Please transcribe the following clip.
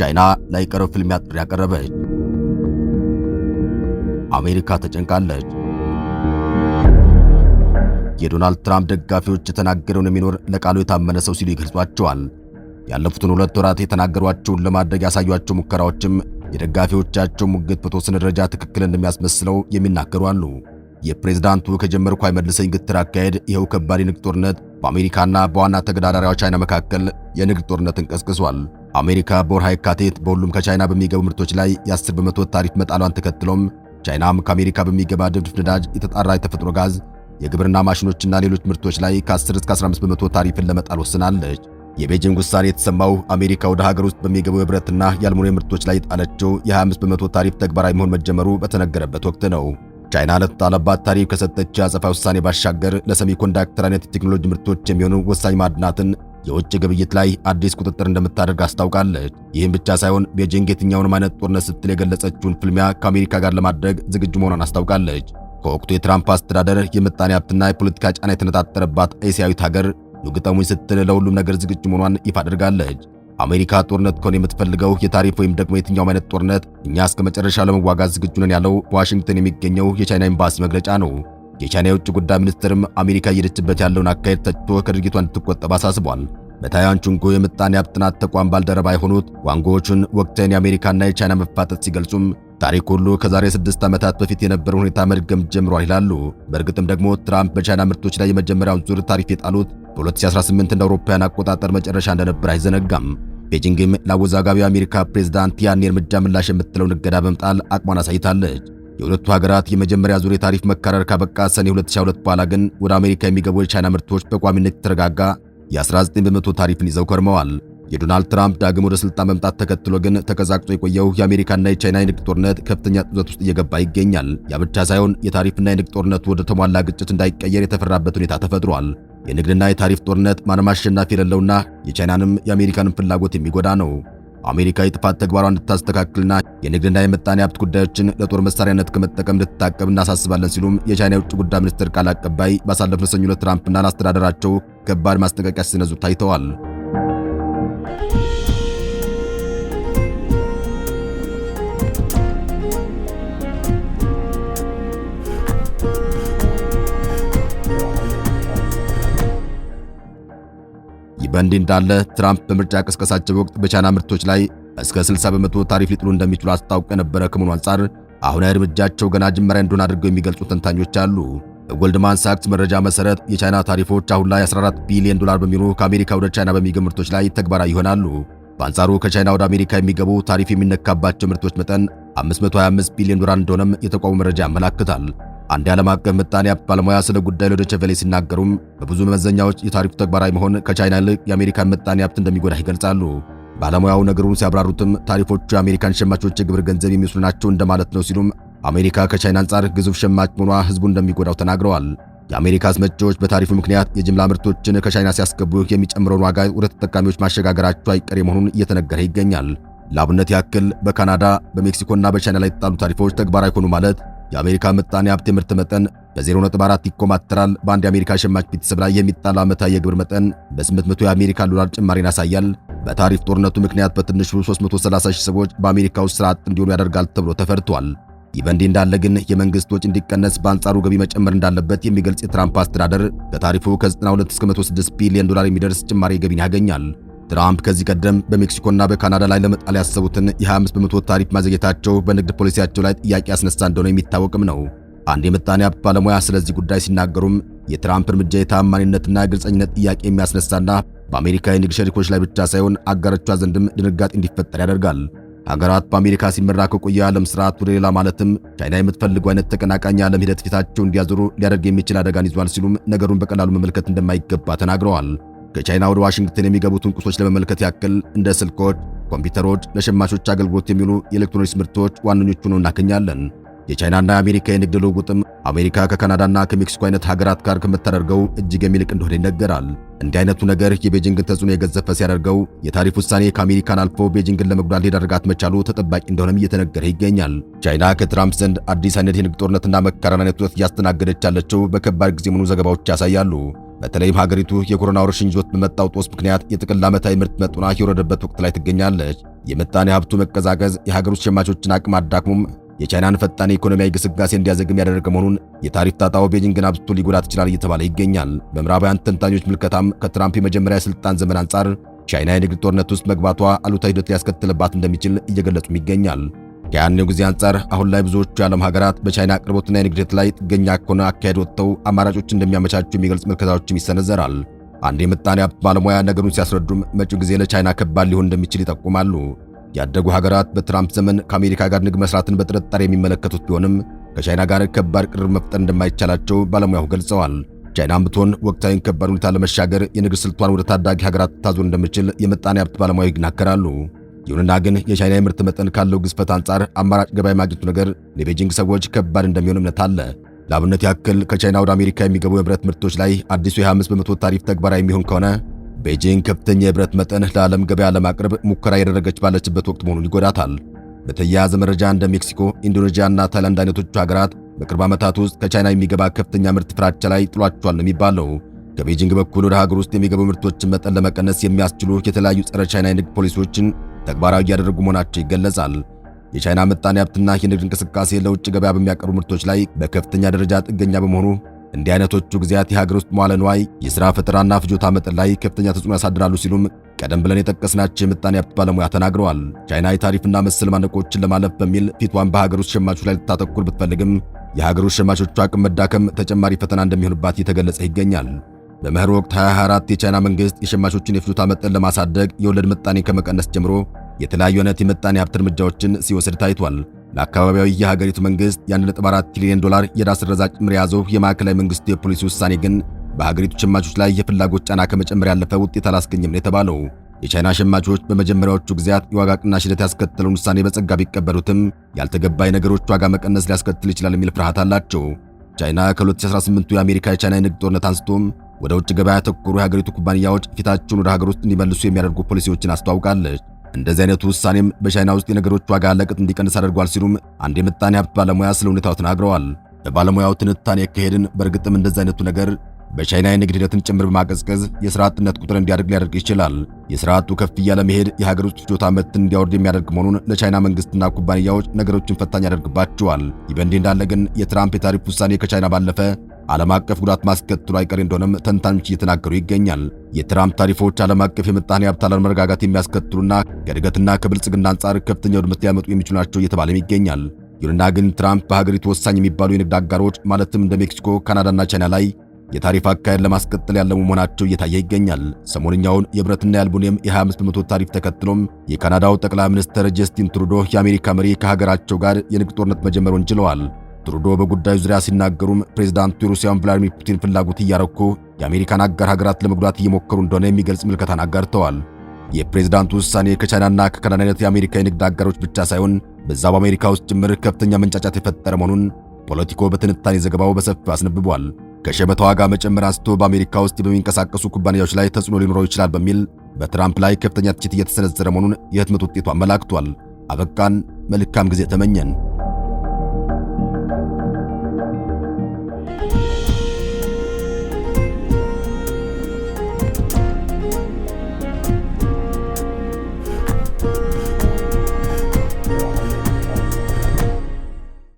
ቻይና ላይቀረው ፍልሚያ ጥሪ ያቀረበች። አሜሪካ ተጨንቃለች። የዶናልድ ትራምፕ ደጋፊዎች የተናገረውን የሚኖር ለቃሉ የታመነ ሰው ሲሉ ይገልጿቸዋል። ያለፉትን ሁለት ወራት የተናገሯቸውን ለማድረግ ያሳዩአቸው ሙከራዎችም የደጋፊዎቻቸው ሙግት በተወሰነ ደረጃ ትክክል እንደሚያስመስለው የሚናገሩ አሉ። የፕሬዝዳንቱ ከጀመርኩ አይመልሰኝ ግትር አካሄድ ይኸው ከባድ የንግድ ጦርነት በአሜሪካና በዋና ተገዳዳሪዋ ቻይና መካከል የንግድ ጦርነትን ቀስቅሷል። አሜሪካ በወርሃ የካቲት በሁሉም ከቻይና በሚገቡ ምርቶች ላይ የ10 በመቶ ታሪፍ መጣሏን ተከትሎም ቻይናም ከአሜሪካ በሚገባ ድፍድፍ ነዳጅ፣ የተጣራ የተፈጥሮ ጋዝ፣ የግብርና ማሽኖችና ሌሎች ምርቶች ላይ ከ10 እስከ 15 በመቶ ታሪፍን ለመጣል ወስናለች። የቤጂንግ ውሳኔ የተሰማው አሜሪካ ወደ ሀገር ውስጥ በሚገቡ የብረትና የአልሙኒየም ምርቶች ላይ የጣለችው የ25 በመቶ ታሪፍ ተግባራዊ መሆን መጀመሩ በተነገረበት ወቅት ነው። ቻይና ለተጣለባት ታሪፍ ከሰጠች የአጸፋ ውሳኔ ባሻገር ለሰሚኮንዳክተር አይነት የቴክኖሎጂ ምርቶች የሚሆኑ ወሳኝ ማዕድናትን የውጭ ግብይት ላይ አዲስ ቁጥጥር እንደምታደርግ አስታውቃለች። ይህም ብቻ ሳይሆን ቤጂንግ የትኛውንም አይነት ጦርነት ስትል የገለጸችውን ፍልሚያ ከአሜሪካ ጋር ለማድረግ ዝግጁ መሆኗን አስታውቃለች። ከወቅቱ የትራምፕ አስተዳደር የምጣኔ ሀብትና የፖለቲካ ጫና የተነጣጠረባት እስያዊት ሀገር ንግጠሙኝ ስትል ለሁሉም ነገር ዝግጁ መሆኗን ይፋ አድርጋለች። አሜሪካ ጦርነት ከሆነ የምትፈልገው የታሪፍ ወይም ደግሞ የትኛውም አይነት ጦርነት እኛ እስከ መጨረሻ ለመዋጋት ዝግጁ ነን ያለው በዋሽንግተን የሚገኘው የቻይና ኤምባሲ መግለጫ ነው። የቻይና የውጭ ጉዳይ ሚኒስትርም አሜሪካ እየሄደችበት ያለውን አካሄድ ተችቶ ከድርጊቷ እንድትቆጠብ አሳስቧል። በታያን ቹንጎ የምጣኔ ሀብት ጥናት ተቋም ባልደረባ የሆኑት ዋንጎዎቹን ወቅታዊን የአሜሪካና የቻይና መፋጠጥ ሲገልጹም ታሪክ ሁሉ ከዛሬ ስድስት ዓመታት በፊት የነበረው ሁኔታ መድገም ጀምሯል ይላሉ። በእርግጥም ደግሞ ትራምፕ በቻይና ምርቶች ላይ የመጀመሪያውን ዙር ታሪፍ የጣሉት በ2018 እንደ አውሮፓውያን አቆጣጠር መጨረሻ እንደነበር አይዘነጋም። ቤጂንግም ለአወዛጋቢው የአሜሪካ ፕሬዝዳንት ያን የእርምጃ ምላሽ የምትለውን እገዳ በመጣል አቅሟን አሳይታለች። የሁለቱ ሀገራት የመጀመሪያ ዙር የታሪፍ መካረር ካበቃ ሰኔ 2022 በኋላ ግን ወደ አሜሪካ የሚገቡ የቻይና ምርቶች በቋሚነት የተረጋጋ የ19 በመቶ ታሪፍን ይዘው ከርመዋል። የዶናልድ ትራምፕ ዳግም ወደ ስልጣን መምጣት ተከትሎ ግን ተቀዛቅዞ የቆየው የአሜሪካና የቻይና የንግድ ጦርነት ከፍተኛ ጡዘት ውስጥ እየገባ ይገኛል። ያ ብቻ ሳይሆን የታሪፍና የንግድ ጦርነቱ ወደ ተሟላ ግጭት እንዳይቀየር የተፈራበት ሁኔታ ተፈጥሯል። የንግድና የታሪፍ ጦርነት ማንም አሸናፊ የሌለውና የቻይናንም የአሜሪካንም ፍላጎት የሚጎዳ ነው። አሜሪካ የጥፋት ተግባሯን እንድታስተካክልና የንግድና የምጣኔ ሀብት ጉዳዮችን ለጦር መሳሪያነት ከመጠቀም እንድትታቀብ እናሳስባለን ሲሉም የቻይና የውጭ ጉዳይ ሚኒስትር ቃል አቀባይ ባሳለፍነው ሰኞ ዕለት ትራምፕና አስተዳደራቸው ከባድ ማስጠንቀቂያ ሲነዙ ታይተዋል። በእንዲህ እንዳለ ትራምፕ በምርጫ ቅስቀሳቸው ወቅት በቻይና ምርቶች ላይ እስከ 60 በመቶ ታሪፍ ሊጥሉ እንደሚችሉ አስታውቀ የነበረ ከመሆኑ አንጻር አሁን እርምጃቸው ገና ጅማሬ እንደሆነ አድርገው የሚገልጹ ተንታኞች አሉ። በጎልድማን ሳክስ መረጃ መሰረት የቻይና ታሪፎች አሁን ላይ 14 ቢሊዮን ዶላር በሚሆኑ ከአሜሪካ ወደ ቻይና በሚገቡ ምርቶች ላይ ተግባራዊ ይሆናሉ። በአንጻሩ ከቻይና ወደ አሜሪካ የሚገቡ ታሪፍ የሚነካባቸው ምርቶች መጠን 525 ቢሊዮን ዶላር እንደሆነም የተቋሙ መረጃ ያመላክታል። አንድ የዓለም አቀፍ ምጣኔ ሀብት ባለሙያ ስለ ጉዳዩ ለዶይቼ ቬለ ሲናገሩም በብዙ መመዘኛዎች የታሪፉ ተግባራዊ መሆን ከቻይና ይልቅ የአሜሪካን ምጣኔ ሀብት እንደሚጎዳ ይገልጻሉ። ባለሙያው ነገሩን ሲያብራሩትም ታሪፎቹ የአሜሪካን ሸማቾች የግብር ገንዘብ የሚወስዱ ናቸው እንደማለት ነው ሲሉም አሜሪካ ከቻይና አንጻር ግዙፍ ሸማች መሆኗ ህዝቡ እንደሚጎዳው ተናግረዋል። የአሜሪካ አስመጪዎች በታሪፉ ምክንያት የጅምላ ምርቶችን ከቻይና ሲያስገቡ የሚጨምረውን ዋጋ ወደ ተጠቃሚዎች ማሸጋገራቸው አይቀሬ መሆኑን እየተነገረ ይገኛል። ለአብነት ያክል በካናዳ በሜክሲኮና በቻይና ላይ የተጣሉ ታሪፎች ተግባራዊ ሆኑ ማለት የአሜሪካ ምጣኔ ሀብት የምርት መጠን በ0.4 ይኮማተራል። በአንድ የአሜሪካ ሸማች ቤተሰብ ላይ የሚጣል ዓመታዊ የግብር መጠን በ800 የአሜሪካ ዶላር ጭማሪን ያሳያል። በታሪፍ ጦርነቱ ምክንያት በትንሹ 330 ሺህ ሰዎች በአሜሪካ ውስጥ ሥራ አጥ እንዲሆኑ ያደርጋል ተብሎ ተፈርቷል። ይህ በእንዲህ እንዳለ ግን የመንግሥት ወጪ እንዲቀነስ በአንጻሩ ገቢ መጨመር እንዳለበት የሚገልጽ የትራምፕ አስተዳደር በታሪፉ ከ92 እስከ 106 ቢሊዮን ዶላር የሚደርስ ጭማሪ ገቢን ያገኛል። ትራምፕ ከዚህ ቀደም በሜክሲኮና በካናዳ ላይ ለመጣል ያሰቡትን የ25 በመቶ ታሪፍ ማዘግየታቸው በንግድ ፖሊሲያቸው ላይ ጥያቄ ያስነሳ እንደሆነ የሚታወቅም ነው። አንድ የምጣኔ ሀብት ባለሙያ ስለዚህ ጉዳይ ሲናገሩም የትራምፕ እርምጃ የታማኒነትና የግልጸኝነት ጥያቄ የሚያስነሳና በአሜሪካ የንግድ ሸሪኮች ላይ ብቻ ሳይሆን አጋሮቿ ዘንድም ድንጋጤ እንዲፈጠር ያደርጋል። ሀገራት በአሜሪካ ሲመራ ከቆየ ዓለም ስርዓት ወደ ሌላ ማለትም ቻይና የምትፈልገው አይነት ተቀናቃኝ የዓለም ሂደት ፊታቸው እንዲያዞሩ ሊያደርግ የሚችል አደጋን ይዟል ሲሉም ነገሩን በቀላሉ መመልከት እንደማይገባ ተናግረዋል። ከቻይና ወደ ዋሽንግተን የሚገቡትን ቁሶች ለመመልከት ያክል እንደ ስልኮች፣ ኮምፒውተሮች፣ ለሸማቾች አገልግሎት የሚሉ የኤሌክትሮኒክስ ምርቶች ዋነኞቹ ነው እናገኛለን። የቻይናና የአሜሪካ የንግድ ልውውጥም አሜሪካ ከካናዳና ከሜክሲኮ አይነት ሀገራት ጋር ከምታደርገው እጅግ የሚልቅ እንደሆነ ይነገራል። እንዲህ አይነቱ ነገር የቤጂንግን ተጽዕኖ የገዘፈ ሲያደርገው የታሪፍ ውሳኔ ከአሜሪካን አልፎ ቤጂንግን ለመጉዳት ሊዳርጋት መቻሉ ተጠባቂ እንደሆነም እየተነገረ ይገኛል። ቻይና ከትራምፕ ዘንድ አዲስ አይነት የንግድ ጦርነትና መካረን አይነት እያስተናገደች ያለችው በከባድ ጊዜ መሆኑ ዘገባዎች ያሳያሉ። በተለይም ሀገሪቱ የኮሮና ወረርሽኝ ይዞት በመጣው ጦስ ምክንያት የጥቅል ዓመታዊ ምርት መጠኗ የወረደበት ወቅት ላይ ትገኛለች። የምጣኔ ሀብቱ መቀዛቀዝ የሀገር ውስጥ ሸማቾችን አቅም አዳክሞም የቻይናን ፈጣን የኢኮኖሚያዊ ግስጋሴ እንዲያዘግም ያደረገ መሆኑን የታሪፍ ጣጣው ቤጂንግን አብዝቶ ሊጎዳት ይችላል እየተባለ ይገኛል። በምዕራባውያን ተንታኞች ምልከታም ከትራምፕ የመጀመሪያ የስልጣን ዘመን አንጻር ቻይና የንግድ ጦርነት ውስጥ መግባቷ አሉታዊ ሂደት ሊያስከትልባት እንደሚችል እየገለጹም ይገኛል። ከያኔው ጊዜ አንጻር አሁን ላይ ብዙዎቹ የዓለም ሀገራት በቻይና አቅርቦትና የንግድ ሂደት ላይ ጥገኛ ከሆነ አካሄድ ወጥተው አማራጮች እንደሚያመቻቹ የሚገልጽ ምልከታዎችም ይሰነዘራል። አንድ የምጣኔ ሀብት ባለሙያ ነገሩን ሲያስረዱም መጪው ጊዜ ለቻይና ከባድ ሊሆን እንደሚችል ይጠቁማሉ። ያደጉ ሀገራት በትራምፕ ዘመን ከአሜሪካ ጋር ንግድ መስራትን በጥርጣሬ የሚመለከቱት ቢሆንም ከቻይና ጋር ከባድ ቅርብ መፍጠር እንደማይቻላቸው ባለሙያው ገልጸዋል። ቻይናም ብትሆን ወቅታዊን ከባድ ሁኔታ ለመሻገር የንግድ ስልቷን ወደ ታዳጊ ሀገራት ታዞር እንደምችል የምጣኔ ሀብት ባለሙያው ይናገራሉ። ይሁንና ግን የቻይና የምርት መጠን ካለው ግዝፈት አንጻር አማራጭ ገበያ ማግኘቱ ነገር ለቤጂንግ ሰዎች ከባድ እንደሚሆን እምነት አለ። ለአብነት ያክል ከቻይና ወደ አሜሪካ የሚገቡ የብረት ምርቶች ላይ አዲሱ የ25 በመቶ ታሪፍ ተግባራዊ የሚሆን ከሆነ ቤጂንግ ከፍተኛ የብረት መጠን ለዓለም ገበያ ለማቅረብ ሙከራ ያደረገች ባለችበት ወቅት መሆኑን ይጎዳታል። በተያያዘ መረጃ እንደ ሜክሲኮ፣ ኢንዶኔዥያ እና ታይላንድ አይነቶቹ ሀገራት በቅርብ ዓመታት ውስጥ ከቻይና የሚገባ ከፍተኛ ምርት ፍራቻ ላይ ጥሏቸዋል ነው የሚባለው። ከቤጂንግ በኩል ወደ ሀገር ውስጥ የሚገቡ ምርቶችን መጠን ለመቀነስ የሚያስችሉ የተለያዩ ጸረ ቻይና የንግድ ፖሊሲዎችን ተግባራዊ እያደረጉ መሆናቸው ይገለጻል። የቻይና ምጣኔ ሀብትና የንግድ እንቅስቃሴ ለውጭ ገበያ በሚያቀርቡ ምርቶች ላይ በከፍተኛ ደረጃ ጥገኛ በመሆኑ እንዲህ አይነቶቹ ጊዜያት የሀገር ውስጥ መዋለ ንዋይ የሥራ ፈጠራና ፍጆታ መጠን ላይ ከፍተኛ ተጽዕኖ ያሳድራሉ ሲሉም ቀደም ብለን የጠቀስናቸው የምጣኔ ሀብት ባለሙያ ተናግረዋል። ቻይና የታሪፍና መሰል ማነቆችን ለማለፍ በሚል ፊቷን በሀገር ውስጥ ሸማቾች ላይ ልታተኩር ብትፈልግም የሀገር ውስጥ ሸማቾቹ አቅም መዳከም ተጨማሪ ፈተና እንደሚሆንባት እየተገለጸ ይገኛል። በመኸር ወቅት 24 የቻይና መንግስት የሸማቾችን የፍጆታ መጠን ለማሳደግ የወለድ ምጣኔ ከመቀነስ ጀምሮ የተለያዩ አይነት የምጣኔ ሀብት እርምጃዎችን ሲወስድ ታይቷል። ለአካባቢያዊ የሀገሪቱ መንግስት የ1.4 ትሪሊዮን ዶላር የዕዳ ስረዛ ጭምር የያዘው የማዕከላዊ መንግስቱ የፖሊሲ ውሳኔ ግን በሀገሪቱ ሸማቾች ላይ የፍላጎት ጫና ከመጨመር ያለፈ ውጤት አላስገኘም ነው የተባለው። የቻይና ሸማቾች በመጀመሪያዎቹ ጊዜያት የዋጋ ቅናሽ ሂደት ያስከተለውን ውሳኔ በጸጋ ቢቀበሉትም ያልተገባ የነገሮች ዋጋ መቀነስ ሊያስከትል ይችላል የሚል ፍርሃት አላቸው። ቻይና ከ 2018 የአሜሪካ የቻይና የንግድ ጦርነት አንስቶም ወደ ውጭ ገበያ ያተኮሩ የሀገሪቱ ኩባንያዎች ፊታቸውን ወደ ሀገር ውስጥ እንዲመልሱ የሚያደርጉ ፖሊሲዎችን አስተዋውቃለች። እንደዚህ አይነቱ ውሳኔም በቻይና ውስጥ የነገሮች ዋጋ ለቅጥ እንዲቀንስ አድርጓል ሲሉም አንድ የምጣኔ ሀብት ባለሙያ ስለ ሁኔታው ተናግረዋል። በባለሙያው ትንታኔ ከሄድን በእርግጥም እንደዚህ አይነቱ ነገር በቻይና የንግድ ሂደትን ጭምር በማቀዝቀዝ የሥራ አጥነት ቁጥር እንዲያድግ ሊያደርግ ይችላል። የስርዓቱ አጡ ከፍ እያለ መሄድ የሀገር ውስጥ ፍጆታ ምርት እንዲያወርድ የሚያደርግ መሆኑን ለቻይና መንግስትና ኩባንያዎች ነገሮችን ፈታኝ ያደርግባቸዋል። ይህ በእንዲህ እንዳለ ግን የትራምፕ የታሪፍ ውሳኔ ከቻይና ባለፈ ዓለም አቀፍ ጉዳት ማስከትሉ አይቀሬ እንደሆነም ተንታኞች እየተናገሩ ይገኛል። የትራምፕ ታሪፎች ዓለም አቀፍ የምጣኔ ሀብት አለመረጋጋት የሚያስከትሉና ከእድገትና ከብልጽግና አንጻር ከፍተኛ ውድመት ሊያመጡ የሚችሉ ናቸው እየተባለም ይገኛል። ይሁንና ግን ትራምፕ በሀገሪቱ ወሳኝ የሚባሉ የንግድ አጋሮች ማለትም እንደ ሜክሲኮ፣ ካናዳና ቻይና ላይ የታሪፍ አካሄድ ለማስቀጠል ያለሙ መሆናቸው እየታየ ይገኛል። ሰሞንኛውን የብረትና የአልሙኒየም የ25 በመቶ ታሪፍ ተከትሎም የካናዳው ጠቅላይ ሚኒስትር ጀስቲን ትሩዶ የአሜሪካ መሪ ከሀገራቸው ጋር የንግድ ጦርነት መጀመሩን ችለዋል። ትሩዶ በጉዳዩ ዙሪያ ሲናገሩም ፕሬዚዳንቱ የሩሲያን ቭላዲሚር ፑቲን ፍላጎት እያረኩ የአሜሪካን አጋር ሀገራት ለመጉዳት እየሞከሩ እንደሆነ የሚገልጽ ምልከታን አጋርተዋል። የፕሬዝዳንቱ ውሳኔ ከቻይናና ከካናዳ አይነት የአሜሪካ የንግድ አጋሮች ብቻ ሳይሆን በዛ በአሜሪካ ውስጥ ጭምር ከፍተኛ መንጫጫት የፈጠረ መሆኑን ፖለቲኮ በትንታኔ ዘገባው በሰፊው አስነብቧል። ከሸመታ ዋጋ መጨመር አንስቶ በአሜሪካ ውስጥ በሚንቀሳቀሱ ኩባንያዎች ላይ ተጽዕኖ ሊኖረው ይችላል በሚል በትራምፕ ላይ ከፍተኛ ትችት እየተሰነዘረ መሆኑን የህትመት ውጤቱ አመላክቷል። አበቃን። መልካም ጊዜ ተመኘን።